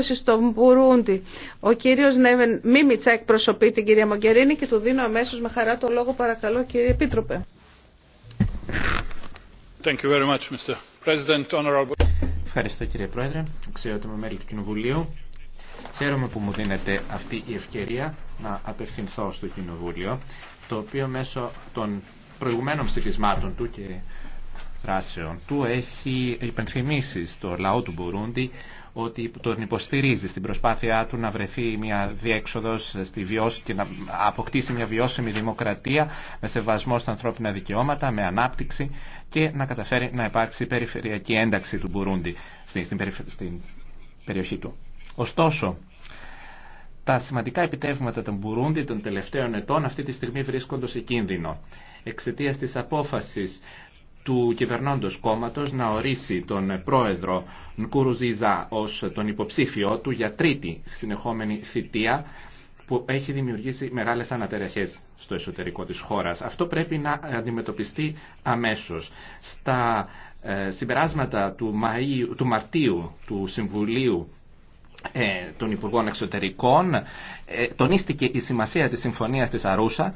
στον Μπουρούντι. Ο κύριος Νέβεν Μίμητσα εκπροσωπεί την κυρία Μογκερίνη και του δίνω αμέσως με χαρά το λόγο παρακαλώ κύριε Επίτροπε. Thank you very much, Mr. President. Honorable... Ευχαριστώ κύριε Πρόεδρε, είμαι μέλη του Κοινοβουλίου. Χαίρομαι που μου δίνεται αυτή η ευκαιρία να απευθυνθώ στο Κοινοβούλιο, το οποίο μέσω των προηγουμένων ψηφισμάτων του και δράσεων του έχει υπενθυμίσει στο λαό του Μπουρούντι ότι τον υποστηρίζει στην προσπάθειά του να βρεθεί μια διέξοδος στη βιώση και να αποκτήσει μια βιώσιμη δημοκρατία με σεβασμό στα ανθρώπινα δικαιώματα, με ανάπτυξη και να καταφέρει να υπάρξει περιφερειακή ένταξη του Μπουρούντι στην περιοχή του. Ωστόσο, τα σημαντικά επιτεύγματα των Μπουρούντι των τελευταίων ετών αυτή τη στιγμή βρίσκονται σε κίνδυνο. Εξαιτία τη απόφαση του κυβερνώντος κόμματος να ορίσει τον πρόεδρο Νκουρουζίζα ως τον υποψήφιό του για τρίτη συνεχόμενη θητεία που έχει δημιουργήσει μεγάλες ανατερεχές στο εσωτερικό της χώρας. Αυτό πρέπει να αντιμετωπιστεί αμέσως. Στα ε, συμπεράσματα του, Μαΐου, του Μαρτίου του Συμβουλίου ε, των Υπουργών Εξωτερικών ε, τονίστηκε η σημασία της Συμφωνίας της Αρούσα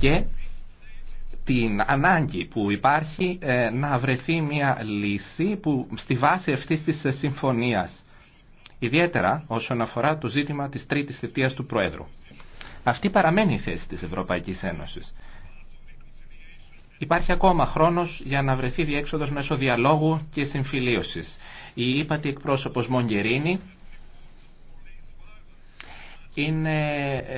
και την ανάγκη που υπάρχει ε, να βρεθεί μια λύση που στη βάση αυτής της ε, συμφωνίας. Ιδιαίτερα όσον αφορά το ζήτημα της τρίτης θητείας του Προέδρου. Αυτή παραμένει η θέση της Ευρωπαϊκής Ένωσης. Υπάρχει ακόμα χρόνος για να βρεθεί διέξοδος μέσω διαλόγου και συμφιλίωσης. Η ύπατη εκπρόσωπος Μογκερίνη είναι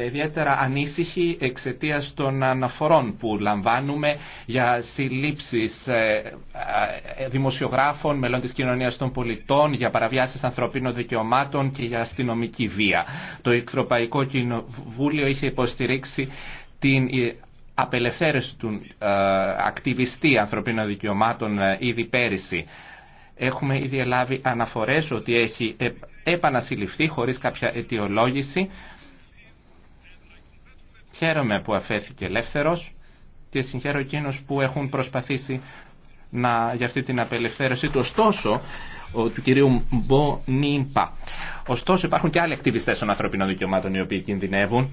ιδιαίτερα ανήσυχη εξαιτία των αναφορών που λαμβάνουμε για συλλήψεις ε, ε, δημοσιογράφων, μελών της κοινωνίας των πολιτών, για παραβιάσεις ανθρωπίνων δικαιωμάτων και για αστυνομική βία. Το Ευρωπαϊκό Κοινοβούλιο είχε υποστηρίξει την ε, απελευθέρωση του ακτιβιστή ανθρωπίνων δικαιωμάτων ήδη πέρυσι. Έχουμε ήδη λάβει αναφορές ότι έχει επανασυλληφθεί χωρίς κάποια αιτιολόγηση. Χαίρομαι που αφέθηκε ελεύθερος και συγχαίρω εκείνους που έχουν προσπαθήσει να, για αυτή την απελευθέρωση του. Ωστόσο, ο, του κυρίου Μπονίμπα. Ωστόσο, υπάρχουν και άλλοι ακτιβιστές των ανθρωπίνων δικαιωμάτων οι οποίοι κινδυνεύουν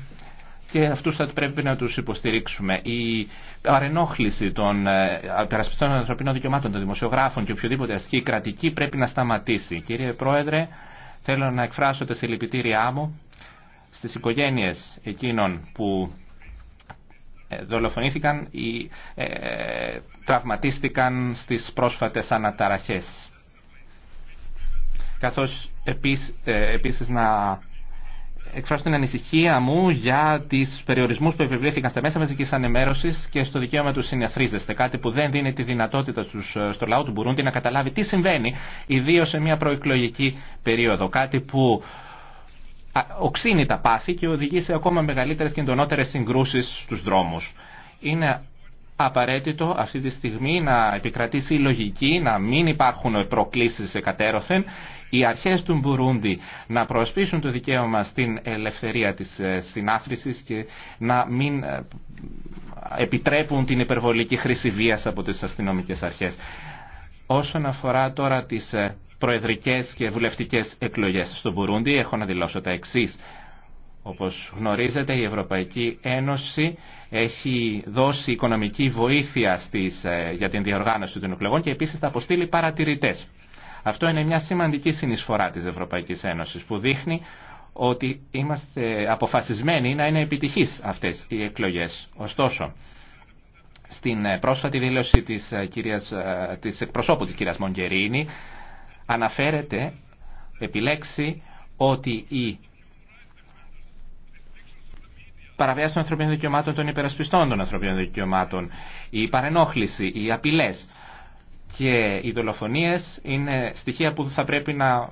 και αυτούς θα πρέπει να τους υποστηρίξουμε. Η παρενόχληση των απερασπιστών ε, των ανθρωπίνων δικαιωμάτων, των δημοσιογράφων και οποιοδήποτε ασκή κρατική πρέπει να σταματήσει. Κύριε Πρόεδρε, Θέλω να εκφράσω τα συλληπιτήριά μου στις οικογένειες εκείνων που ε, δολοφονήθηκαν ή ε, τραυματίστηκαν στις πρόσφατες αναταραχές. Καθώς ε, επίσης να εκφράσω την ανησυχία μου για τι περιορισμού που επιβλήθηκαν στα μέσα μαζική ανεμέρωση και στο δικαίωμα του συνεθρίζεστε. Κάτι που δεν δίνει τη δυνατότητα στους, ε, στο λαό του Μπουρούντι να καταλάβει τι συμβαίνει, ιδίω σε μια προεκλογική περίοδο. Κάτι που οξύνει τα πάθη και οδηγεί σε ακόμα μεγαλύτερε και εντονότερε συγκρούσει στου δρόμου. Είναι απαραίτητο αυτή τη στιγμή να επικρατήσει η λογική, να μην υπάρχουν προκλήσεις κατέρωθεν οι αρχές του Μπουρούντι να προσπίσουν το δικαίωμα στην ελευθερία της ε, συνάθρησης και να μην ε, επιτρέπουν την υπερβολική χρήση βίας από τις αστυνομικές αρχές. Όσον αφορά τώρα τις ε, προεδρικές και βουλευτικές εκλογές στο Μπουρούντι, έχω να δηλώσω τα εξής. Όπως γνωρίζετε η Ευρωπαϊκή Ένωση έχει δώσει οικονομική βοήθεια στις, ε, για την διοργάνωση των εκλογών και επίσης θα αποστείλει παρατηρητές. Αυτό είναι μια σημαντική συνεισφορά της Ευρωπαϊκής Ένωσης που δείχνει ότι είμαστε αποφασισμένοι να είναι επιτυχείς αυτές οι εκλογές. Ωστόσο, στην ε, πρόσφατη δήλωση της, ε, κυρίας, της εκπροσώπου της κυρίας Μογκερίνη αναφέρεται επιλέξει ότι η παραβιάσεις των ανθρωπίνων δικαιωμάτων των υπερασπιστών των ανθρωπίνων δικαιωμάτων, η παρενόχληση, οι απειλέ. και οι δολοφονίε είναι στοιχεία που θα πρέπει να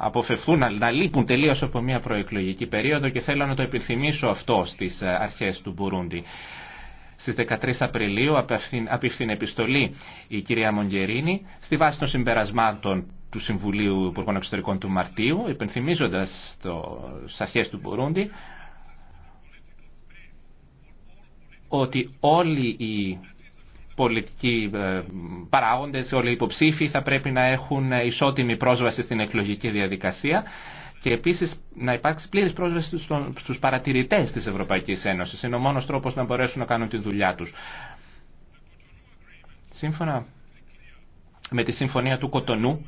αποφευθούν, να λείπουν τελείω από μια προεκλογική περίοδο και θέλω να το επιθυμίσω αυτό στις ε, αρχές του Μπουρούντι. Στι 13 Απριλίου απίφθηνε επιστολή η κυρία Μογγερίνη στη βάση των συμπερασμάτων του Συμβουλίου Υπουργών Εξωτερικών του Μαρτίου, υπενθυμίζοντα στι αρχέ του Μπουρούντι ότι όλοι οι πολιτικοί ε, παράγοντες, όλοι οι υποψήφοι θα πρέπει να έχουν ισότιμη πρόσβαση στην εκλογική διαδικασία και επίσης να υπάρξει πλήρης πρόσβαση στους παρατηρητές της Ευρωπαϊκής Ένωσης. Είναι ο μόνος τρόπος να μπορέσουν να κάνουν τη δουλειά τους. Σύμφωνα με τη Συμφωνία του Κοτονού,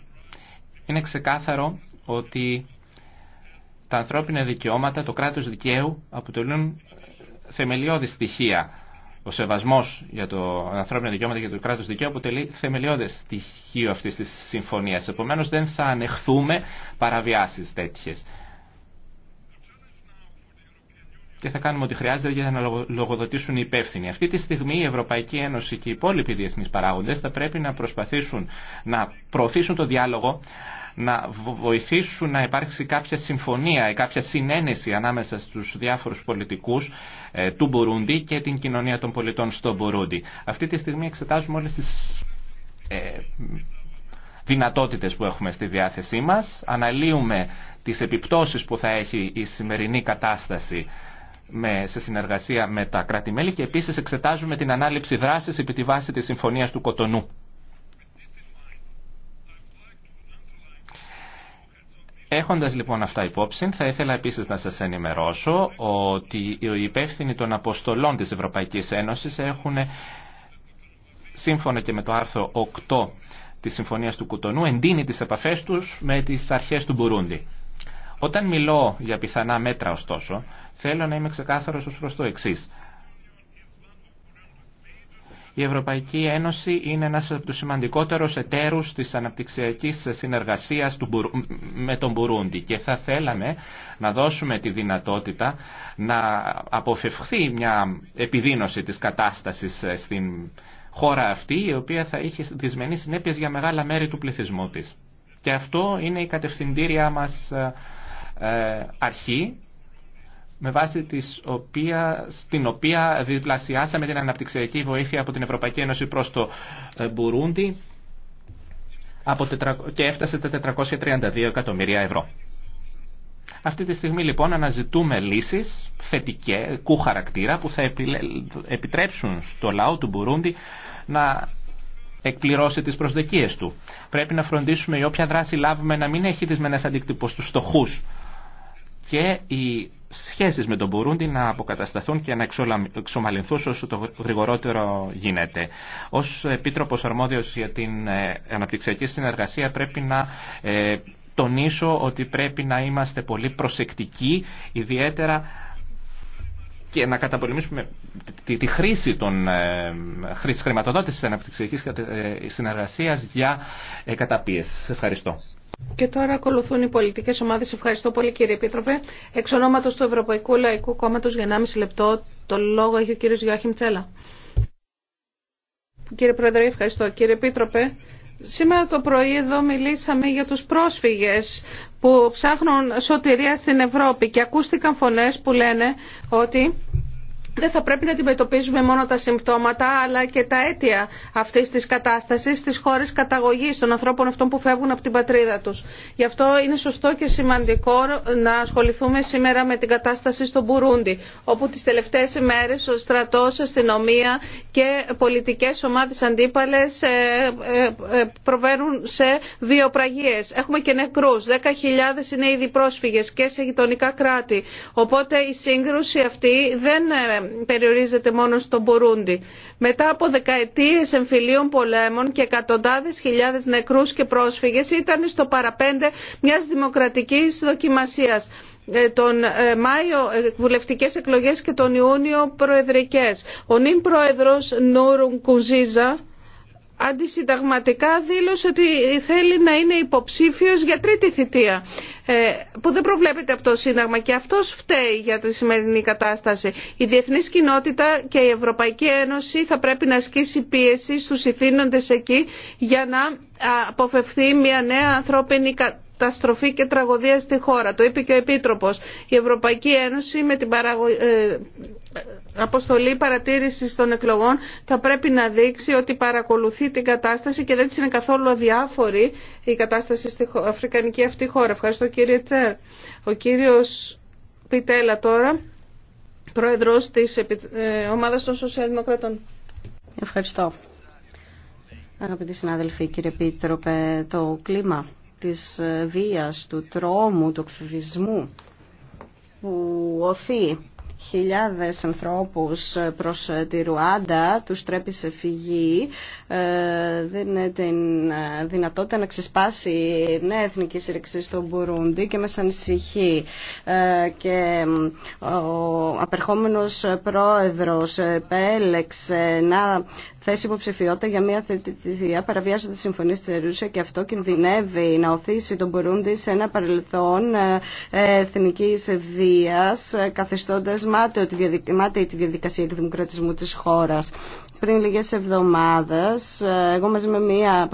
είναι ξεκάθαρο ότι τα ανθρώπινα δικαιώματα, το κράτος δικαίου αποτελούν θεμελιώδη στοιχεία. Ο σεβασμό για το ανθρώπινο δικαίωμα και το κράτο δικαίου αποτελεί θεμελιώδε στοιχείο αυτή τη συμφωνία. Επομένω, δεν θα ανεχθούμε παραβιάσει τέτοιε. Και θα κάνουμε ό,τι χρειάζεται για να λογοδοτήσουν οι υπεύθυνοι. Αυτή τη στιγμή η Ευρωπαϊκή Ένωση και οι υπόλοιποι διεθνεί παράγοντε θα πρέπει να προσπαθήσουν να προωθήσουν το διάλογο, να βοηθήσουν να υπάρξει κάποια συμφωνία ή κάποια συνένεση ανάμεσα στους διάφορους πολιτικούς ε, του Μπουρούντι και την κοινωνία των πολιτών στο Μπουρούντι. Αυτή τη στιγμή εξετάζουμε όλες τις ε, δυνατότητες που έχουμε στη διάθεσή μας, αναλύουμε τις επιπτώσεις που θα έχει η σημερινή κατάσταση με, σε συνεργασία με τα κράτη-μέλη και επίσης εξετάζουμε την ανάληψη δράσης επί τη βάση της Συμφωνίας του Κοτονού. Έχοντας λοιπόν αυτά υπόψη, θα ήθελα επίσης να σας ενημερώσω ότι οι υπεύθυνοι των αποστολών της Ευρωπαϊκής Ένωσης έχουν, σύμφωνα και με το άρθρο 8 της Συμφωνίας του Κουτονού, εντείνει τις επαφές τους με τις αρχές του Μπουρούντι. Όταν μιλώ για πιθανά μέτρα ωστόσο, θέλω να είμαι ξεκάθαρος ως προς το εξής. Η Ευρωπαϊκή Ένωση είναι ένας από τους σημαντικότερους εταίρους της αναπτυξιακής συνεργασίας με τον Μπουρούντι και θα θέλαμε να δώσουμε τη δυνατότητα να αποφευχθεί μια επιδείνωση της κατάστασης ε, στην χώρα αυτή η οποία θα είχε δυσμενείς συνέπειες για μεγάλα μέρη του πληθυσμού της. Και αυτό είναι η κατευθυντήριά μας ε, ε, αρχή με βάση της οποία, στην οποία διπλασιάσαμε την αναπτυξιακή βοήθεια από την Ευρωπαϊκή Ένωση προς το ε, Μπουρούντι από και έφτασε τα 432 εκατομμύρια ευρώ. Αυτή τη στιγμή λοιπόν αναζητούμε λύσεις θετικού χαρακτήρα που θα επιτρέψουν στο λαό του Μπουρούντι να εκπληρώσει τις προσδοκίες του. Πρέπει να φροντίσουμε η όποια δράση λάβουμε να μην έχει δυσμενές αντικτυπώσεις στους στοχούς και οι σχέσεις με τον Μπουρούντι να αποκατασταθούν και να εξομαλυνθούν όσο το γρηγορότερο γίνεται. Ως Επίτροπος Αρμόδιος για την ε, Αναπτυξιακή Συνεργασία πρέπει να ε, τονίσω ότι πρέπει να είμαστε πολύ προσεκτικοί, ιδιαίτερα και να καταπολεμήσουμε τη, χρήση των ε, χρηματοδότησης της αναπτυξιακής ε, συνεργασίας για ε, καταπίεση. Ευχαριστώ. Και τώρα ακολουθούν οι πολιτικές ομάδες. Ευχαριστώ πολύ κύριε Επίτροπε. Εξ ονόματος του Ευρωπαϊκού Λαϊκού Κόμματος για 1,5 λεπτό το λόγο έχει ο κύριος Γιώχη Μτσέλα. Κύριε Πρόεδρε, ευχαριστώ. Κύριε Επίτροπε, Σήμερα το πρωί εδώ μιλήσαμε για τους πρόσφυγες που ψάχνουν σωτηρία στην Ευρώπη και ακούστηκαν φωνές που λένε ότι δεν θα πρέπει να αντιμετωπίζουμε μόνο τα συμπτώματα αλλά και τα αίτια αυτή τη κατάσταση στι χώρε καταγωγή των ανθρώπων αυτών που φεύγουν από την πατρίδα του. Γι' αυτό είναι σωστό και σημαντικό να ασχοληθούμε σήμερα με την κατάσταση στο Μπουρούντι, όπου τι τελευταίε ημέρε ο στρατό, αστυνομία και πολιτικέ ομάδε αντίπαλε ε, ε, ε, προβαίνουν σε βιοπραγίε. Έχουμε και νεκρού. 10.000 είναι ήδη πρόσφυγε και σε γειτονικά κράτη. Οπότε η σύγκρουση αυτή δεν περιορίζεται μόνο στο Μπουρούντι. Μετά από δεκαετίες εμφυλίων πολέμων και εκατοντάδες χιλιάδες νεκρούς και πρόσφυγες ήταν στο παραπέντε μιας δημοκρατικής δοκιμασίας ε, τον ε, Μάιο ε, βουλευτικές εκλογές και τον Ιούνιο προεδρικές. Ο νυν πρόεδρος Νούρουν Κουζίζα αντισυνταγματικά δήλωσε ότι θέλει να είναι υποψήφιος για τρίτη θητεία ε, που δεν προβλέπεται από το Σύνταγμα και αυτός φταίει για τη σημερινή κατάσταση. Η διεθνής κοινότητα και η Ευρωπαϊκή Ένωση θα πρέπει να ασκήσει πίεση στους ηθήνοντες εκεί για να αποφευθεί μια νέα ανθρώπινη κατάσταση καταστροφή και τραγωδία στη χώρα. Το είπε και ο Επίτροπος. Η Ευρωπαϊκή Ένωση με την παραγω... ε... αποστολή παρατήρησης των εκλογών θα πρέπει να δείξει ότι παρακολουθεί την κατάσταση και δεν τη είναι καθόλου αδιάφορη η κατάσταση στη αφρικανική αυτή χώρα. Ευχαριστώ κύριε Τσέρ. Ο κύριος Πιτέλα τώρα, πρόεδρος της ε, ομάδας των Σοσιαλδημοκρατών. Ευχαριστώ. Αγαπητοί συνάδελφοι, κύριε Πίτροπε, το κλίμα της ε, βίας, του τρόμου, του εκφυβισμού που οθεί χιλιάδες ανθρώπους προς τη Ρουάντα, τους τρέπει σε φυγή, ε, δίνει την ε, δυνατότητα να ξεσπάσει νέα εθνική σύρεξη στο Μπουρούντι και μας ανησυχεί. Ε, και ο απερχόμενος πρόεδρος επέλεξε να θέσει υποψηφιότητα για μια θητεία παραβίαση τη συμφωνία τη Ρούσια και αυτό κινδυνεύει να οθήσει τον Μπουρούντι σε ένα παρελθόν εθνικής βίας θυμάται τη διαδικασία δημοκρατισμού της χώρας. Πριν λίγες εβδομάδες, ε, εγώ μαζί με μία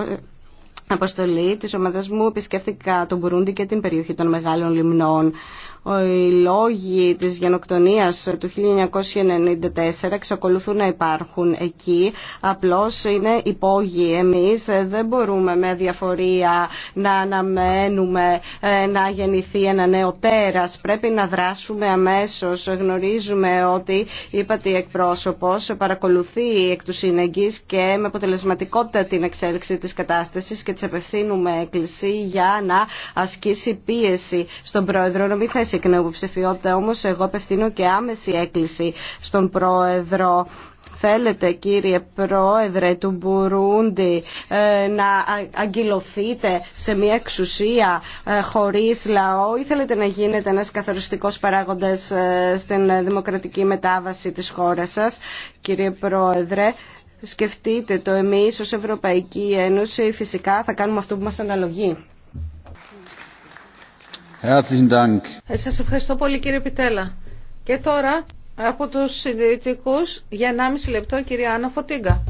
αποστολή της ομάδας μου επισκέφθηκα τον Μπουρούντι και την περιοχή των Μεγάλων Λιμνών οι λόγοι της γενοκτονίας του 1994 εξακολουθούν να υπάρχουν εκεί. Απλώς είναι υπόγειοι. Εμείς δεν μπορούμε με διαφορία να αναμένουμε ε, να γεννηθεί ένα νέο τέρας. Πρέπει να δράσουμε αμέσως. Γνωρίζουμε ότι είπατε εκπρόσωπος παρακολουθεί εκ του συνεγγύς και με αποτελεσματικότητα την εξέλιξη της κατάστασης και της απευθύνουμε έκκληση για να ασκήσει πίεση στον πρόεδρο να μην θέσει εκ νέου Όμω, εγώ απευθύνω και άμεση έκκληση στον πρόεδρο θέλετε κύριε πρόεδρε του Μπουρούντι ε, να αγκυλωθείτε σε μια εξουσία ε, χωρίς λαό ή θέλετε να γίνετε ένας καθοριστικός παράγοντας ε, στην δημοκρατική μετάβαση της χώρας σας κύριε πρόεδρε σκεφτείτε το εμείς ως Ευρωπαϊκή Ένωση φυσικά θα κάνουμε αυτό που μας αναλογεί ε, σας ευχαριστώ πολύ κύριε Πιτέλα. Και τώρα από τους συντηρητικούς για 1,5 λεπτό κυρία Άννα Φωτίγκα.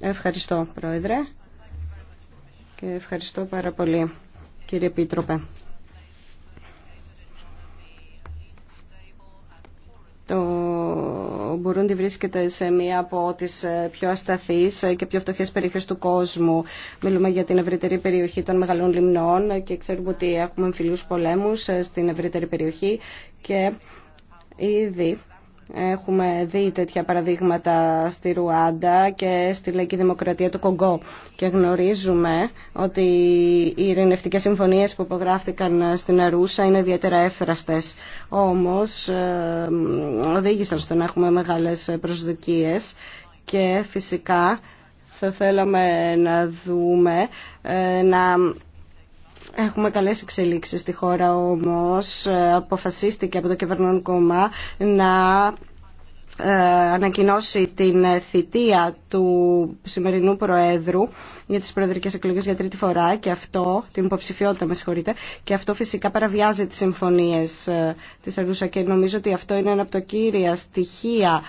Ευχαριστώ πρόεδρε και ευχαριστώ πάρα πολύ κύριε Επίτροπε. Το Μπουρούντι βρίσκεται σε μία από τις ε, πιο ασταθείς ε, και πιο φτωχές περιοχές του κόσμου. Μιλούμε για την ευρύτερη περιοχή των μεγαλών λιμνών ε, και ξέρουμε ότι έχουμε εμφυλίους πολέμους στην ευρύτερη περιοχή και ήδη Έχουμε δει τέτοια παραδείγματα στη Ρουάντα και στη Λαϊκή Δημοκρατία του Κογκό και γνωρίζουμε ότι οι ειρηνευτικέ συμφωνίες που υπογράφτηκαν στην Αρούσα είναι ιδιαίτερα εύθραστες. Όμως ε, οδήγησαν στο να έχουμε μεγάλες προσδοκίες και φυσικά θα θέλαμε να δούμε ε, να Έχουμε καλές εξελίξεις στη χώρα όμως. Ε, αποφασίστηκε από το κυβερνών κόμμα να ε, ανακοινώσει την θητεία του σημερινού Προέδρου για τις προεδρικές εκλογές για τρίτη φορά και αυτό, την υποψηφιότητα με συγχωρείτε, και αυτό φυσικά παραβιάζει τις συμφωνίες ε, της Αρδούσα και νομίζω ότι αυτό είναι ένα από τα κύρια στοιχεία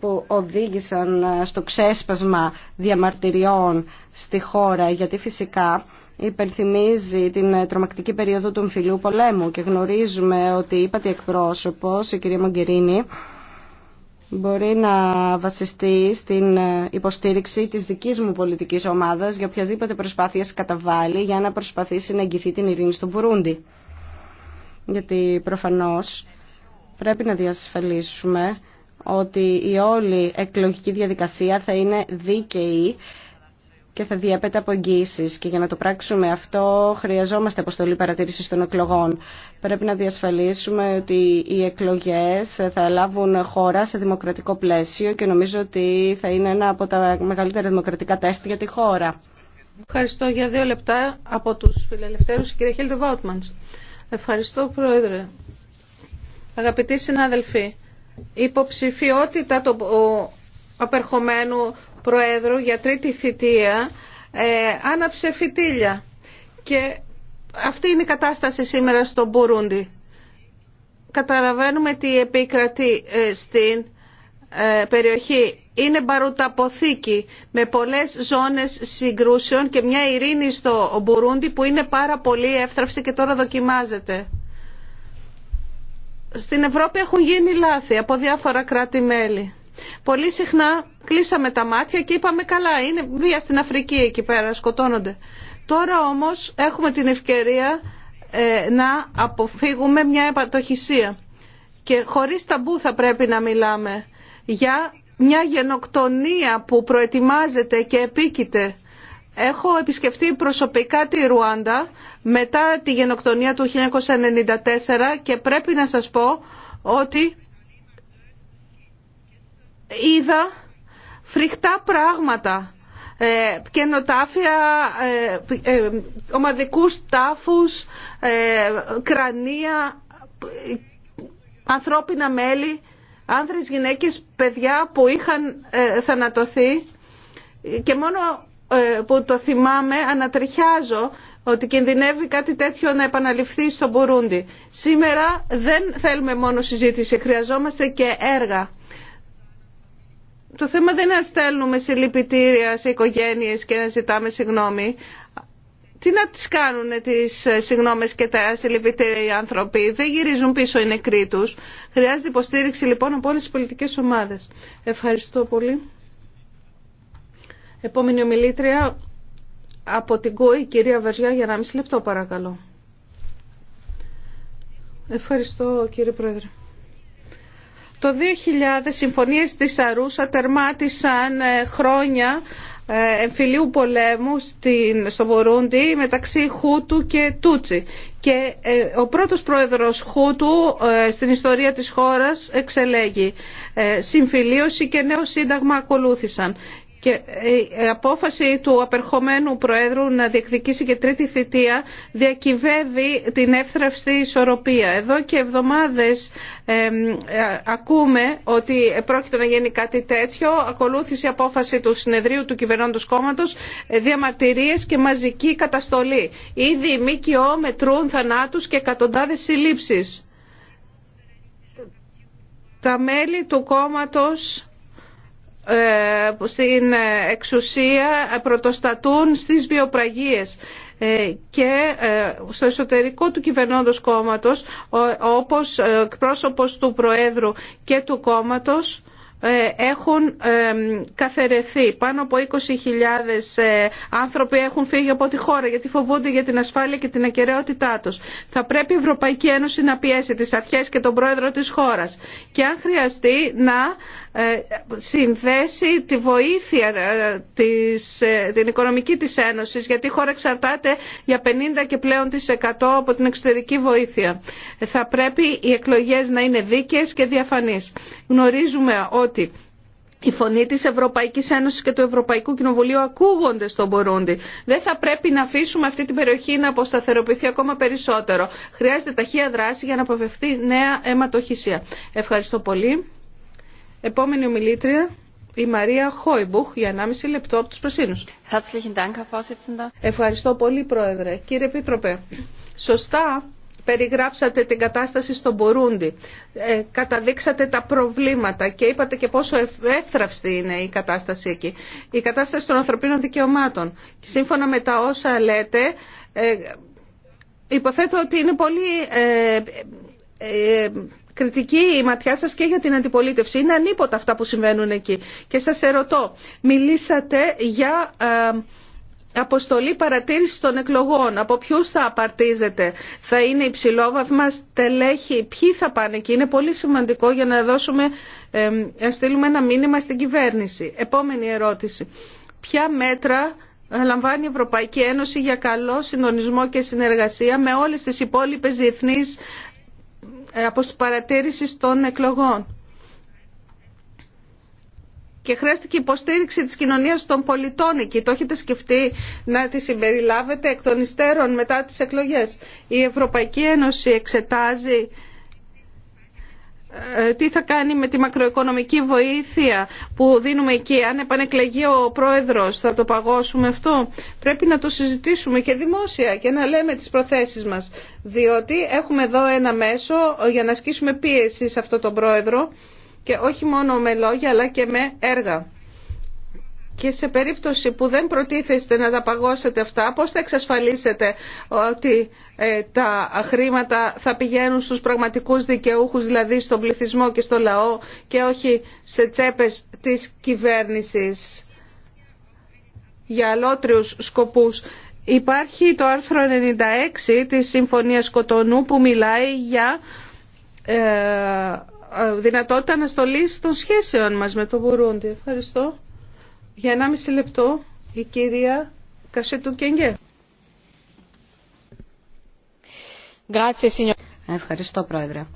που οδήγησαν στο ξέσπασμα διαμαρτυριών στη χώρα γιατί φυσικά υπενθυμίζει την ε, τρομακτική περίοδο του εμφυλίου πολέμου και γνωρίζουμε ότι η ύπατη εκπρόσωπος, η κυρία Μαγκερίνη, μπορεί να βασιστεί στην ε, υποστήριξη της δικής μου πολιτικής ομάδας για οποιαδήποτε προσπάθεια καταβάλει για να προσπαθήσει να εγγυθεί την ειρήνη στο Βουρούντι. Γιατί προφανώς πρέπει να διασφαλίσουμε ότι η όλη εκλογική διαδικασία θα είναι δίκαιη και θα διέπεται από Και για να το πράξουμε αυτό, χρειαζόμαστε αποστολή παρατήρηση των εκλογών. Πρέπει να διασφαλίσουμε ότι οι εκλογέ θα λάβουν χώρα σε δημοκρατικό πλαίσιο και νομίζω ότι θα είναι ένα από τα μεγαλύτερα δημοκρατικά τεστ για τη χώρα. Ευχαριστώ για δύο λεπτά από του φιλελευθέρου, κύριε Χέλντε Βάουτμαντ. Ευχαριστώ, Πρόεδρε. Αγαπητοί συνάδελφοι, υποψηφιότητα του απερχομένου Προέδρου για τρίτη θητεία ε, άναψε φυτίλια. Και αυτή είναι η κατάσταση σήμερα στο Μπουρούντι. Καταλαβαίνουμε τι επίκρατη ε, στην ε, περιοχή. Είναι μπαρουταποθήκη με πολλές ζώνες συγκρούσεων και μια ειρήνη στο Μπουρούντι που είναι πάρα πολύ εύθραυση και τώρα δοκιμάζεται. Στην Ευρώπη έχουν γίνει λάθη από διάφορα κράτη-μέλη. Πολύ συχνά Κλείσαμε τα μάτια και είπαμε καλά, είναι βία στην Αφρική εκεί πέρα, σκοτώνονται. Τώρα όμως έχουμε την ευκαιρία ε, να αποφύγουμε μια επατοχυσία. Και χωρίς ταμπού θα πρέπει να μιλάμε για μια γενοκτονία που προετοιμάζεται και επίκειται. Έχω επισκεφτεί προσωπικά τη Ρουάντα μετά τη γενοκτονία του 1994 και πρέπει να σας πω ότι είδα φρικτά πράγματα. Ε, καινοτάφια, ε, ε ομαδικούς τάφους, ε, κρανία, ανθρώπινα μέλη, άνδρες, γυναίκες, παιδιά που είχαν ε, θανατωθεί και μόνο που το θυμάμαι ανατριχιάζω ότι κινδυνεύει κάτι τέτοιο να επαναληφθεί στο Μπουρούντι. Σήμερα δεν θέλουμε μόνο συζήτηση, χρειαζόμαστε και έργα το θέμα δεν είναι να στέλνουμε συλληπιτήρια σε οικογένειες και να ζητάμε συγγνώμη. Τι να τις κάνουν τις ε, συγγνώμες και τα συλληπιτήρια οι άνθρωποι. Δεν γυρίζουν πίσω οι νεκροί τους. Χρειάζεται υποστήριξη λοιπόν από όλες τις πολιτικές ομάδες. Ευχαριστώ πολύ. Επόμενη ομιλήτρια από την ΚΟΗ, κυρία Βαζιά, για μισή λεπτό παρακαλώ. Ευχαριστώ κύριε Πρόεδρε. Το 2000 συμφωνίες της Αρούσα τερμάτισαν ε, χρόνια ε, εμφυλίου πολέμου στην, στο Βορούντι μεταξύ Χούτου και Τούτσι. Και ε, ο πρώτος πρόεδρος Χούτου στην ιστορία της χώρας εξελέγει. συμφιλίωση και νέο σύνταγμα ακολούθησαν. Και ε, η απόφαση του απερχομένου Προέδρου να διεκδικήσει και τρίτη θητεία διακυβεύει την εύθραυστη ισορροπία. Εδώ και εβδομάδες ε, ακούμε ότι πρόκειται να γίνει κάτι τέτοιο. Ακολούθησε η απόφαση του συνεδρίου του κυβερνώντος κόμματος ε, διαμαρτυρίες και μαζική καταστολή. Ήδη οι ΜΚΟ μετρούν θανάτους και εκατοντάδες συλλήψεις. Τα μέλη του κόμματος ε, στην εξουσία πρωτοστατούν στις βιοπραγίες ε, και ε, στο εσωτερικό του κυβερνώντος κόμματος όπως πρόσωπος του Προέδρου και του κόμματος ε, έχουν καθαιρεθεί. Πάνω από 20.000 ε, άνθρωποι έχουν φύγει από τη χώρα γιατί φοβούνται για την ασφάλεια και την ακαιρεότητά τους. Θα πρέπει η Ευρωπαϊκή Ένωση να πιέσει τις αρχές και τον πρόεδρο της χώρας και αν χρειαστεί να ε, συνδέσει τη βοήθεια της, την οικονομική της Ένωσης γιατί η χώρα εξαρτάται για 50 και πλέον από την εξωτερική βοήθεια. Θα πρέπει οι εκλογές να είναι δίκαιες και διαφανείς. Γνωρίζουμε ότι ότι η φωνή της Ευρωπαϊκής Ένωσης και του Ευρωπαϊκού Κοινοβουλίου ακούγονται στον Μπορούντι. Δεν θα πρέπει να αφήσουμε αυτή την περιοχή να αποσταθεροποιηθεί ακόμα περισσότερο. Χρειάζεται ταχεία δράση για να αποφευθεί νέα αιματοχυσία. Ευχαριστώ πολύ. Επόμενη ομιλήτρια, η Μαρία Χόιμπουχ, για 1,5 λεπτό από τους Πρασίνους. Ευχαριστώ πολύ, Πρόεδρε. Κύριε Πίτροπε, σωστά περιγράψατε την κατάσταση στον Μπορούντι, ε, καταδείξατε τα προβλήματα και είπατε και πόσο εύθραυστη είναι η κατάσταση εκεί. Η κατάσταση των ανθρωπίνων δικαιωμάτων. Σύμφωνα με τα όσα λέτε, ε, υποθέτω ότι είναι πολύ ε, κριτική η ματιά σας και για την αντιπολίτευση. Είναι ανίποτα αυτά που συμβαίνουν εκεί. Και σας ερωτώ, μιλήσατε για αποστολή παρατήρησης των εκλογών, από ποιους θα απαρτίζεται, θα είναι υψηλόβαθμα, στελέχη, ποιοι θα πάνε εκεί, είναι πολύ σημαντικό για να δώσουμε, ε, στείλουμε ένα μήνυμα στην κυβέρνηση. Επόμενη ερώτηση. Ποια μέτρα λαμβάνει η Ευρωπαϊκή Ένωση για καλό συντονισμό και συνεργασία με όλες τις υπόλοιπες διεθνείς ε, παρατήρησης των εκλογών και χρειάστηκε υποστήριξη της κοινωνίας των πολιτών εκεί. Το έχετε σκεφτεί να τη συμπεριλάβετε εκ των υστέρων μετά τις εκλογές. Η Ευρωπαϊκή Ένωση εξετάζει ε, τι θα κάνει με τη μακροοικονομική βοήθεια που δίνουμε εκεί. Αν επανεκλεγεί ο πρόεδρος θα το παγώσουμε αυτό. Πρέπει να το συζητήσουμε και δημόσια και να λέμε τις προθέσεις μας. Διότι έχουμε εδώ ένα μέσο για να ασκήσουμε πίεση σε αυτό τον πρόεδρο και όχι μόνο με λόγια αλλά και με έργα. Και σε περίπτωση που δεν προτίθεστε να τα παγώσετε αυτά, πώς θα εξασφαλίσετε ότι ε, τα χρήματα θα πηγαίνουν στους πραγματικούς δικαιούχους, δηλαδή στον πληθυσμό και στο λαό και όχι σε τσέπες της κυβέρνησης για αλότριους σκοπούς. Υπάρχει το άρθρο 96 της Συμφωνίας Κοτονού που μιλάει για ε, ε, δυνατότητα αναστολή των σχέσεων μας με το Βουρούντι. Ευχαριστώ. Για 1,5 λεπτό η κυρία Κασέτου Κενγκέ. Ευχαριστώ, Πρόεδρε.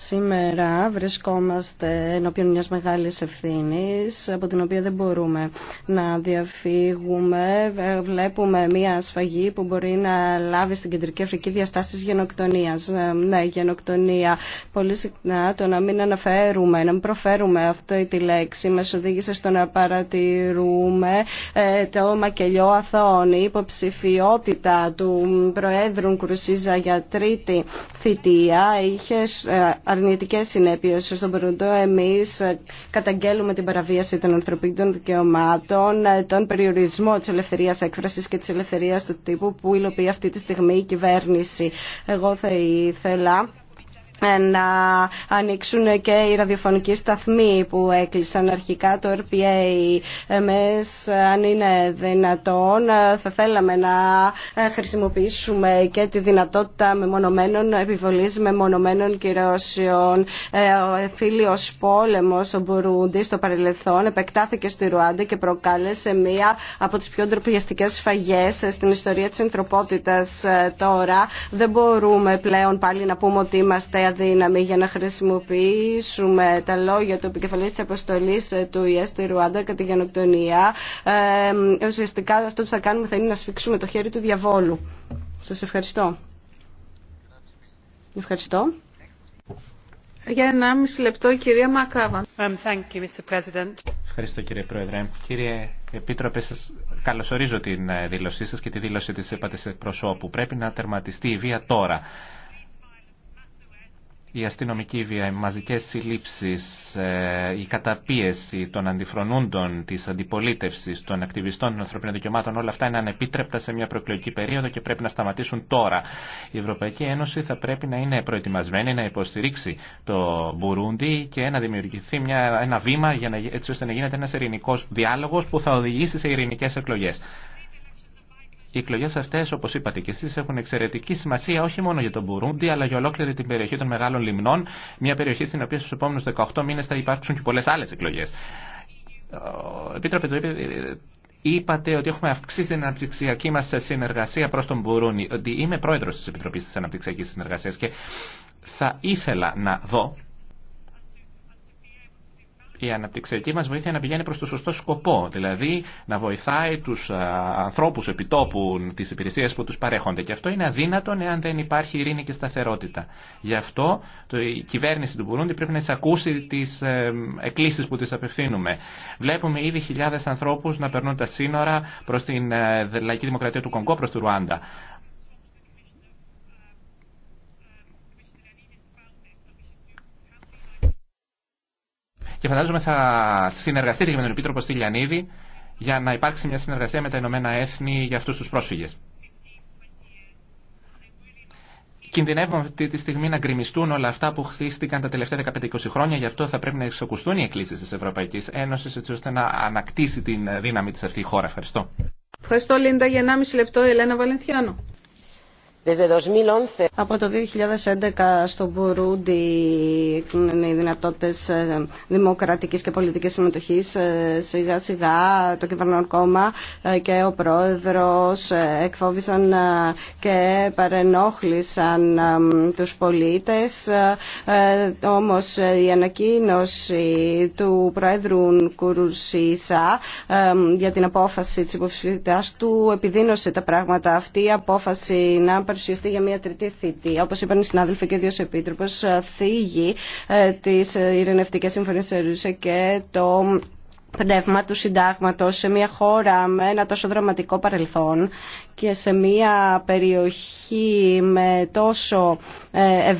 Σήμερα βρισκόμαστε ενώπιον μιας μεγάλης ευθύνης από την οποία δεν μπορούμε να διαφύγουμε. Βλέπουμε μια σφαγή που μπορεί να λάβει στην Κεντρική Αφρική διαστάσεις γενοκτονίας. Ναι, γενοκτονία. Πολύ συχνά το να μην αναφέρουμε, να μην προφέρουμε αυτή τη λέξη μας οδήγησε στο να παρατηρούμε ε, το μακελιό αθών. η υποψηφιότητα του Προέδρου Κρουσίζα για τρίτη θητεία είχε ε, αρνητικές συνέπειες στον Περουντό. Εμείς ε, καταγγέλουμε την παραβίαση των ανθρωπίνων δικαιωμάτων, ε, τον περιορισμό της ελευθερίας έκφρασης και της ελευθερίας του τύπου που υλοποιεί αυτή τη στιγμή η κυβέρνηση. Εγώ θα ήθελα ε, να ανοίξουν και οι ραδιοφωνικοί σταθμοί που έκλεισαν αρχικά το RPA. Εμείς, αν είναι δυνατόν, θα θέλαμε να ε, χρησιμοποιήσουμε και τη δυνατότητα μεμονωμένων επιβολής, μεμονωμένων κυρώσεων. Ε, ο φίλιος πόλεμος, ο Μπουρούντι, στο παρελθόν επεκτάθηκε στη Ρουάντα και προκάλεσε μία από τις πιο ντροπιαστικές σφαγές στην ιστορία της ανθρωπότητας. Τώρα δεν μπορούμε πλέον πάλι να πούμε ότι είμαστε δύναμη για να χρησιμοποιήσουμε τα λόγια του επικεφαλής της αποστολής ε, του ΙΕ στη Ρουάντα κατά τη γενοκτονία. Ε, ουσιαστικά αυτό που θα κάνουμε θα είναι να σφιξούμε το χέρι του διαβόλου. Σας ευχαριστώ. Ευχαριστώ. Για 1,5 λεπτό η κυρία Μακάβα. Um, thank you, Mr. President. Ευχαριστώ κύριε Πρόεδρε. Κύριε Επίτροπε, σας καλωσορίζω την ε, δήλωσή σας και τη δήλωση της σε προσώπου. Πρέπει να τερματιστεί η βία τώρα η αστυνομική βία, οι μαζικές συλλήψεις, ε, η καταπίεση των αντιφρονούντων, της αντιπολίτευσης, των ακτιβιστών των ανθρωπίνων δικαιωμάτων, όλα αυτά είναι ανεπίτρεπτα σε μια προεκλογική περίοδο και πρέπει να σταματήσουν τώρα. Η Ευρωπαϊκή Ένωση θα πρέπει να είναι προετοιμασμένη να υποστηρίξει το Μπουρούντι και να δημιουργηθεί μια, ένα βήμα για να, έτσι ώστε να γίνεται ένας ειρηνικός διάλογος που θα οδηγήσει σε ειρηνικές εκλογές. Οι εκλογέ αυτέ, όπω είπατε και εσεί, έχουν εξαιρετική σημασία όχι μόνο για τον Μπουρούντι, αλλά για ολόκληρη την περιοχή των Μεγάλων Λιμνών, μια περιοχή στην οποία στου επόμενου 18 μήνε θα υπάρξουν και πολλέ άλλε εκλογέ. Επίτροπε, το είπε, είπατε ότι έχουμε αυξήσει την αναπτυξιακή μα συνεργασία προ τον Μπουρούντι. Είμαι πρόεδρο τη Επιτροπή τη Αναπτυξιακή Συνεργασία και θα ήθελα να δω η αναπτυξιακή μας βοήθεια να πηγαίνει προς το σωστό σκοπό, δηλαδή να βοηθάει τους ανθρώπους επιτόπου τις υπηρεσίες που τους παρέχονται. Και αυτό είναι αδύνατο εάν δεν υπάρχει ειρήνη και σταθερότητα. Γι' αυτό η κυβέρνηση του Μπουρούντι πρέπει να εισακούσει τις ε, εκκλήσεις που τις απευθύνουμε. Βλέπουμε ήδη χιλιάδες ανθρώπους να περνούν τα σύνορα προς την ε, Λαϊκή Δημοκρατία του Κονγκό, προς τη Ρουάντα. και φαντάζομαι θα συνεργαστείτε και με τον Επίτροπο Στυλιανίδη για να υπάρξει μια συνεργασία με τα Ηνωμένα Έθνη για αυτούς τους πρόσφυγες. Κινδυνεύουμε αυτή τη στιγμή να γκριμιστούν όλα αυτά που χτίστηκαν τα τελευταία 15-20 χρόνια, γι' αυτό θα πρέπει να εξοκουστούν οι εκκλήσει τη Ευρωπαϊκή Ένωση, έτσι ώστε να ανακτήσει την δύναμη τη αυτή η χώρα. Ευχαριστώ. Ευχαριστώ Λίντα για 1,5 λεπτό, Ελένα Βαλενθιάνο. Από το 2011 στο Μπουρούντι οι δυνατότητε ε, δημοκρατικής και πολιτικής συμμετοχή ε, σιγά σιγά το κυβερνόν κόμμα ε, και ο πρόεδρος εκφόβησαν και παρενόχλησαν τους πολίτες όμως η ανακοίνωση του πρόεδρου Κουρουσίσα για την απόφαση της υποψηφιότητά του επιδίνωσε τα πράγματα. Αυτή η απόφαση να παρουσιαστεί για μια τρίτη θητεία. Όπω είπαν οι συνάδελφοι και ο ίδιο επίτροπο, ε, θίγει ε, τι ειρηνευτικέ συμφωνίε τη και το πνεύμα του συντάγματος σε μια χώρα με ένα τόσο δραματικό παρελθόν και σε μια περιοχή με τόσο ε,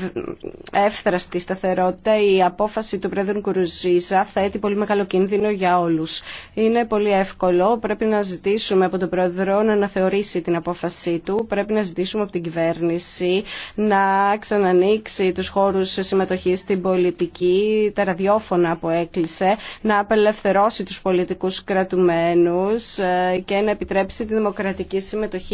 εύθραστη σταθερότητα η απόφαση του Πρόεδρου Κουρουζίζα θέτει πολύ μεγάλο κίνδυνο για όλους. Είναι πολύ εύκολο, πρέπει να ζητήσουμε από τον Πρόεδρο να αναθεωρήσει την απόφασή του, πρέπει να ζητήσουμε από την κυβέρνηση να ξανανοίξει τους χώρους συμμετοχής στην πολιτική, τα ραδιόφωνα που έκλεισε, να απελευθερώσει τους πολιτικούς κρατουμένους ε, και να επιτρέψει τη δημοκρατική συμμετοχή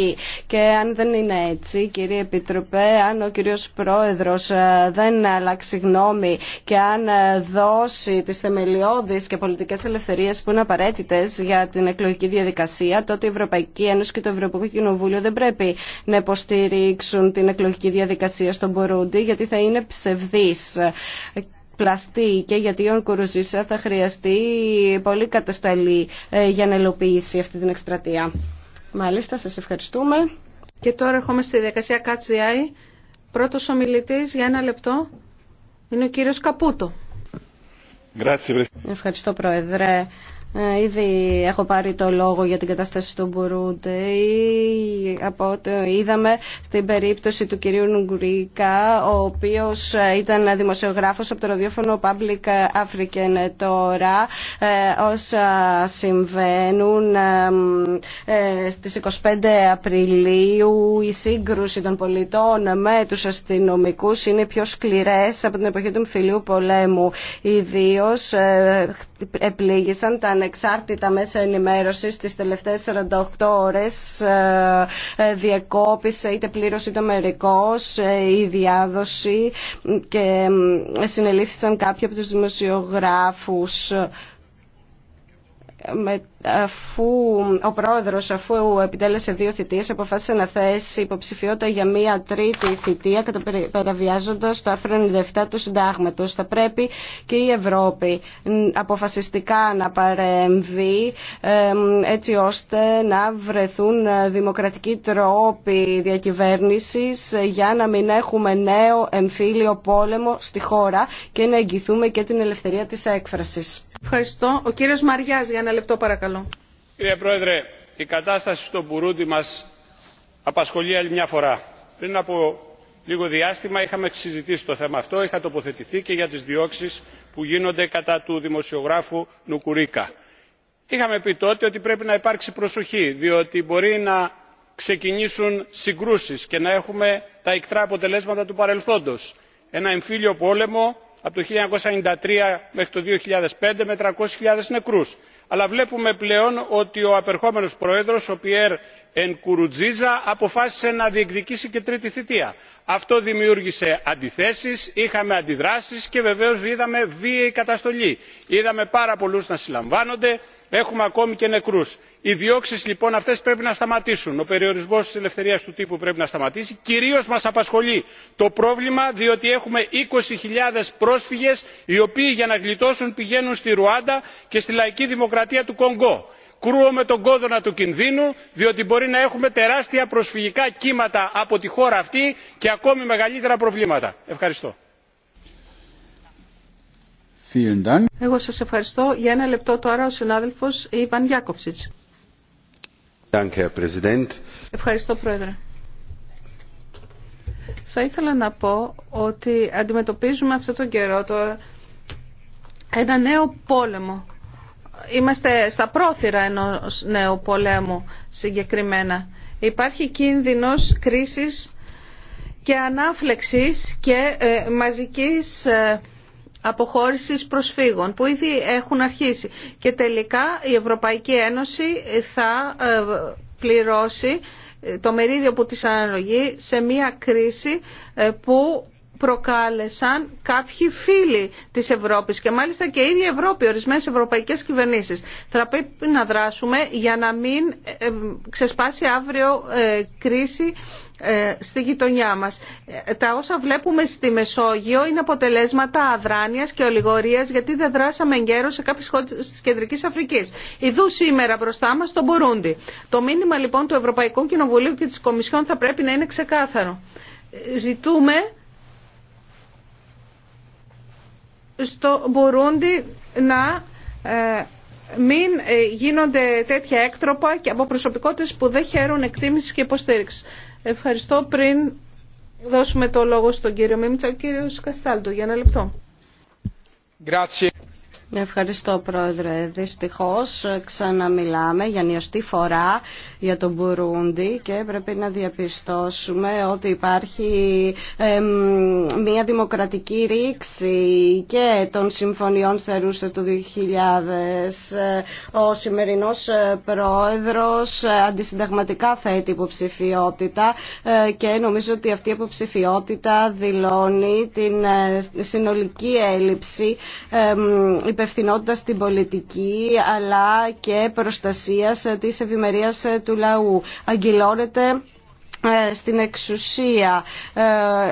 και αν δεν είναι έτσι, κύριε Επιτροπέ, αν ο κύριος Πρόεδρος ε, δεν αλλάξει γνώμη και αν ε, δώσει τις θεμελιώδεις και πολιτικές ελευθερίες που είναι απαραίτητες για την εκλογική διαδικασία, τότε η Ευρωπαϊκή Ένωση και το Ευρωπαϊκό Κοινοβούλιο δεν πρέπει να υποστηρίξουν την εκλογική διαδικασία στον Μπορούντι, γιατί θα είναι ψευδής πλαστή και γιατί ο Κουρουζίσα θα χρειαστεί πολύ κατασταλή ε, για να υλοποιήσει αυτή την εκστρατεία. Μάλιστα, σας ευχαριστούμε. Και τώρα ερχόμαστε στη διαδικασία κάτσιαί. Πρώτος ομιλητής για ένα λεπτό είναι ο κύριος Καπούτο. Ευχαριστώ, Πρόεδρε. Ε, ήδη έχω πάρει το λόγο για την κατάσταση του Μπουρούντε. Από είδαμε στην περίπτωση του κυρίου Νουγκουρίκα, ο οποίος ήταν δημοσιογράφος από το ραδιόφωνο Public African τώρα, ε, όσα συμβαίνουν ε, στις 25 Απριλίου, η σύγκρουση των πολιτών με τους αστυνομικούς είναι πιο σκληρές από την εποχή του Φιλίου Πολέμου. Ιδίως επλήγησαν τα ανεξάρτητα μέσα ενημέρωσης τις τελευταίες 48 ώρες ε, ε, διακόπησε είτε πλήρωση το μερικός ε, η διάδοση και συνελήφθησαν κάποιοι από τους δημοσιογράφους αφού ο πρόεδρος αφού επιτέλεσε δύο θητείες αποφάσισε να θέσει υποψηφιότητα για μία τρίτη θητεία καταπεραβιάζοντας το άρθρο 97 του συντάγματος. Θα πρέπει και η Ευρώπη αποφασιστικά να παρέμβει έτσι ώστε να βρεθούν δημοκρατικοί τρόποι διακυβέρνησης για να μην έχουμε νέο εμφύλιο πόλεμο στη χώρα και να εγγυθούμε και την ελευθερία της έκφρασης. Ευχαριστώ. Ο κύριος Μαριάς για ένα λεπτό παρακαλώ. Κύριε Πρόεδρε, η κατάσταση στο Μπουρούντι μας απασχολεί άλλη μια φορά. Πριν από λίγο διάστημα είχαμε συζητήσει το θέμα αυτό, είχα τοποθετηθεί και για τις διώξεις που γίνονται κατά του δημοσιογράφου Νουκουρίκα. Είχαμε πει τότε ότι πρέπει να υπάρξει προσοχή, διότι μπορεί να ξεκινήσουν συγκρούσεις και να έχουμε τα ικτρά αποτελέσματα του παρελθόντος. Ένα εμφύλιο πόλεμο από το 1993 μέχρι το 2005 με 300.000 νεκρούς. Αλλά βλέπουμε πλέον ότι ο απερχόμενος πρόεδρος, ο Πιέρ Ενκουρουτζίζα, αποφάσισε να διεκδικήσει και τρίτη θητεία. Αυτό δημιούργησε αντιθέσεις, είχαμε αντιδράσεις και βεβαίως είδαμε βίαιη καταστολή. Είδαμε πάρα πολλούς να συλλαμβάνονται, έχουμε ακόμη και νεκρούς οι διώξει λοιπόν αυτέ πρέπει να σταματήσουν ο περιορισμό τη ελευθερία του τύπου πρέπει να σταματήσει. Κυρίω μα απασχολεί το πρόβλημα διότι έχουμε είκοσι χιλιάδες πρόσφυγες οι οποίοι για να γλιτώσουν πηγαίνουν στη ρουάντα και στη λαϊκή δημοκρατία του κονγκό. με τον κόδωνα του κινδύνου διότι μπορεί να έχουμε τεράστια προσφυγικά κύματα από τη χώρα αυτή και ακόμη μεγαλύτερα προβλήματα. ευχαριστώ. Εγώ σας ευχαριστώ. Για ένα λεπτό τώρα ο συνάδελφος Ιβαν Γιάκοψιτς. Ευχαριστώ, Πρόεδρε. Θα ήθελα να πω ότι αντιμετωπίζουμε αυτό τον καιρό τώρα ένα νέο πόλεμο. Είμαστε στα πρόθυρα ενός νέου πολέμου συγκεκριμένα. Υπάρχει κίνδυνος κρίσης και ανάφλεξης και ε, μαζικής ε, αποχώρησης προσφύγων που ήδη έχουν αρχίσει. Και τελικά η Ευρωπαϊκή Ένωση θα ε, πληρώσει το μερίδιο που της αναλογεί σε μια κρίση ε, που προκάλεσαν κάποιοι φίλοι της Ευρώπης και μάλιστα και η ίδια Ευρώπη, ορισμένες ευρωπαϊκές κυβερνήσεις. Θα πρέπει να δράσουμε για να μην ε, ε, ξεσπάσει αύριο ε, κρίση στη γειτονιά μας. Τα όσα βλέπουμε στη Μεσόγειο είναι αποτελέσματα αδράνειας και ολιγορίας γιατί δεν δράσαμε εγκαίρω σε κάποιες χώρες της Κεντρικής Αφρικής. Ιδού σήμερα μπροστά μας το Μπουρούντι. Το μήνυμα λοιπόν του Ευρωπαϊκού Κοινοβουλίου και της Κομισιόν θα πρέπει να είναι ξεκάθαρο. Ζητούμε στο Μπουρούντι να ε, μην ε, γίνονται τέτοια έκτροπα και από προσωπικότητες που δεν χαίρουν εκτίμηση και υποστήριξη. Ευχαριστώ πριν δώσουμε το λόγο στον κύριο Μίμητσα, κύριο Σκαστάλτο, για ένα λεπτό. Ευχαριστώ Πρόεδρε. Δυστυχώς ξαναμιλάμε για νιωστή φορά για τον Μπουρούντι και πρέπει να διαπιστώσουμε ότι υπάρχει μια δημοκρατική ρήξη και των συμφωνιών σε του 2000. Ο σημερινός Πρόεδρος αντισυνταγματικά θέτει υποψηφιότητα ε, και νομίζω ότι αυτή η υποψηφιότητα δηλώνει την ε, συνολική έλλειψη υπευθυνότητα στην πολιτική αλλά και προστασίας της ευημερία του λαού. Αγγυλώνεται ε, στην εξουσία ε,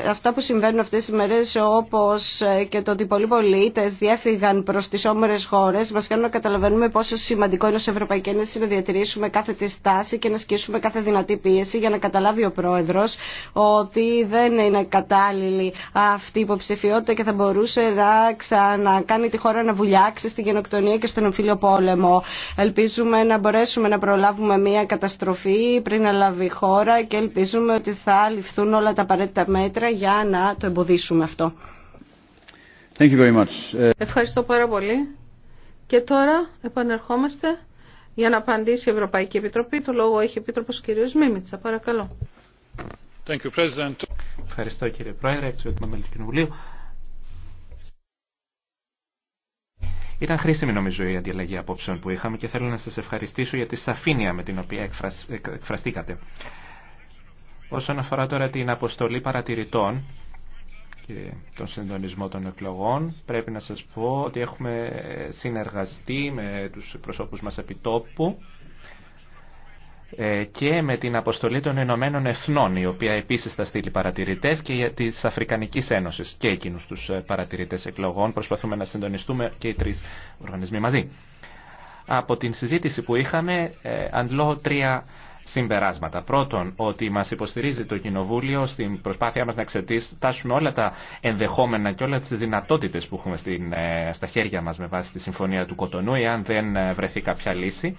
αυτά που συμβαίνουν αυτές τις μέρες όπως ε, και το ότι πολλοί πολίτες διέφυγαν προς τις όμορες χώρες μας κάνουν να καταλαβαίνουμε πόσο σημαντικό είναι ως Ευρωπαϊκή Ένωση να διατηρήσουμε κάθε τη στάση και να σκίσουμε κάθε δυνατή πίεση για να καταλάβει ο Πρόεδρος ότι δεν είναι κατάλληλη αυτή η υποψηφιότητα και θα μπορούσε να ξανακάνει τη χώρα να βουλιάξει στην γενοκτονία και στον εμφύλιο πόλεμο. Ελπίζουμε να μπορέσουμε να προλάβουμε μια καταστροφή πριν να λάβει χώρα και ελπίζουμε ελπίζουμε ότι θα ληφθούν όλα τα απαραίτητα μέτρα για να το εμποδίσουμε αυτό. Thank you very much. Ε, Ευχαριστώ πάρα πολύ. Και τώρα επανερχόμαστε για να απαντήσει η Ευρωπαϊκή Επιτροπή. Το λόγο έχει ο Επίτροπος κ. Μίμητσα. Παρακαλώ. Thank you, President. Ευχαριστώ κύριε Πρόεδρε, εξωτερικό μέλη του Κοινοβουλίου. Ήταν χρήσιμη νομίζω η ανταλλαγή απόψεων που είχαμε και θέλω να σας ευχαριστήσω για τη σαφήνεια με την οποία εκφραστήκατε. Όσον αφορά τώρα την αποστολή παρατηρητών και τον συντονισμό των εκλογών, πρέπει να σας πω ότι έχουμε συνεργαστεί με τους προσώπους μας επιτόπου ε, και με την αποστολή των Ηνωμένων Εθνών, η οποία επίσης θα στείλει παρατηρητές και της Αφρικανικής Ένωσης και εκείνους τους ε, παρατηρητές εκλογών. Προσπαθούμε να συντονιστούμε και οι τρεις οργανισμοί μαζί. Από την συζήτηση που είχαμε, ε, αντλώ τρία συμπεράσματα. Πρώτον, ότι μας υποστηρίζει το Κοινοβούλιο στην προσπάθειά μας να εξετάσουμε όλα τα ενδεχόμενα και όλα τις δυνατότητες που έχουμε στην, ε, στα χέρια μας με βάση τη Συμφωνία του Κοτονού, εάν δεν ε, βρεθεί κάποια λύση.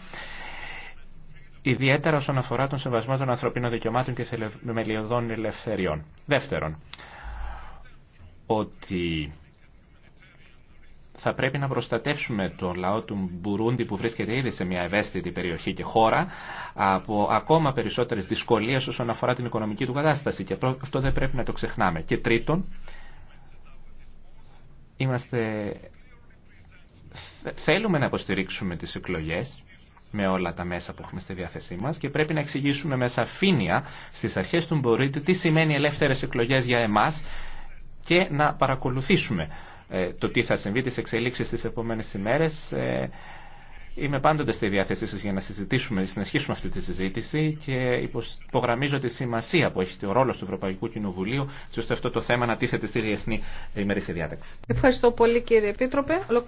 Ιδιαίτερα όσον αφορά τον σεβασμό των ανθρωπίνων δικαιωμάτων και Μελιωδών ελευθεριών. Δεύτερον, ότι θα πρέπει να προστατεύσουμε το λαό του Μπουρούντι που βρίσκεται ήδη σε μια ευαίσθητη περιοχή και χώρα από ακόμα περισσότερε δυσκολίε όσον αφορά την οικονομική του κατάσταση και αυτό δεν πρέπει να το ξεχνάμε. Και τρίτον, είμαστε... θέλουμε να υποστηρίξουμε τι εκλογέ με όλα τα μέσα που έχουμε στη διάθεσή μα και πρέπει να εξηγήσουμε με σαφήνεια στι αρχέ του Μπουρούντι τι σημαίνει ελεύθερε εκλογέ για εμά και να παρακολουθήσουμε ε, το τι θα συμβεί, τις εξελίξεις τις επόμενες ημέρες. Ε, είμαι πάντοτε στη διάθεσή σας για να συζητήσουμε, συνεχίσουμε αυτή τη συζήτηση και υπογραμμίζω τη σημασία που έχει ο ρόλο του Ευρωπαϊκού Κοινοβουλίου ώστε αυτό το θέμα να τίθεται στη Διεθνή ημερήσια διάταξη. Ευχαριστώ πολύ κύριε Επίτροπε.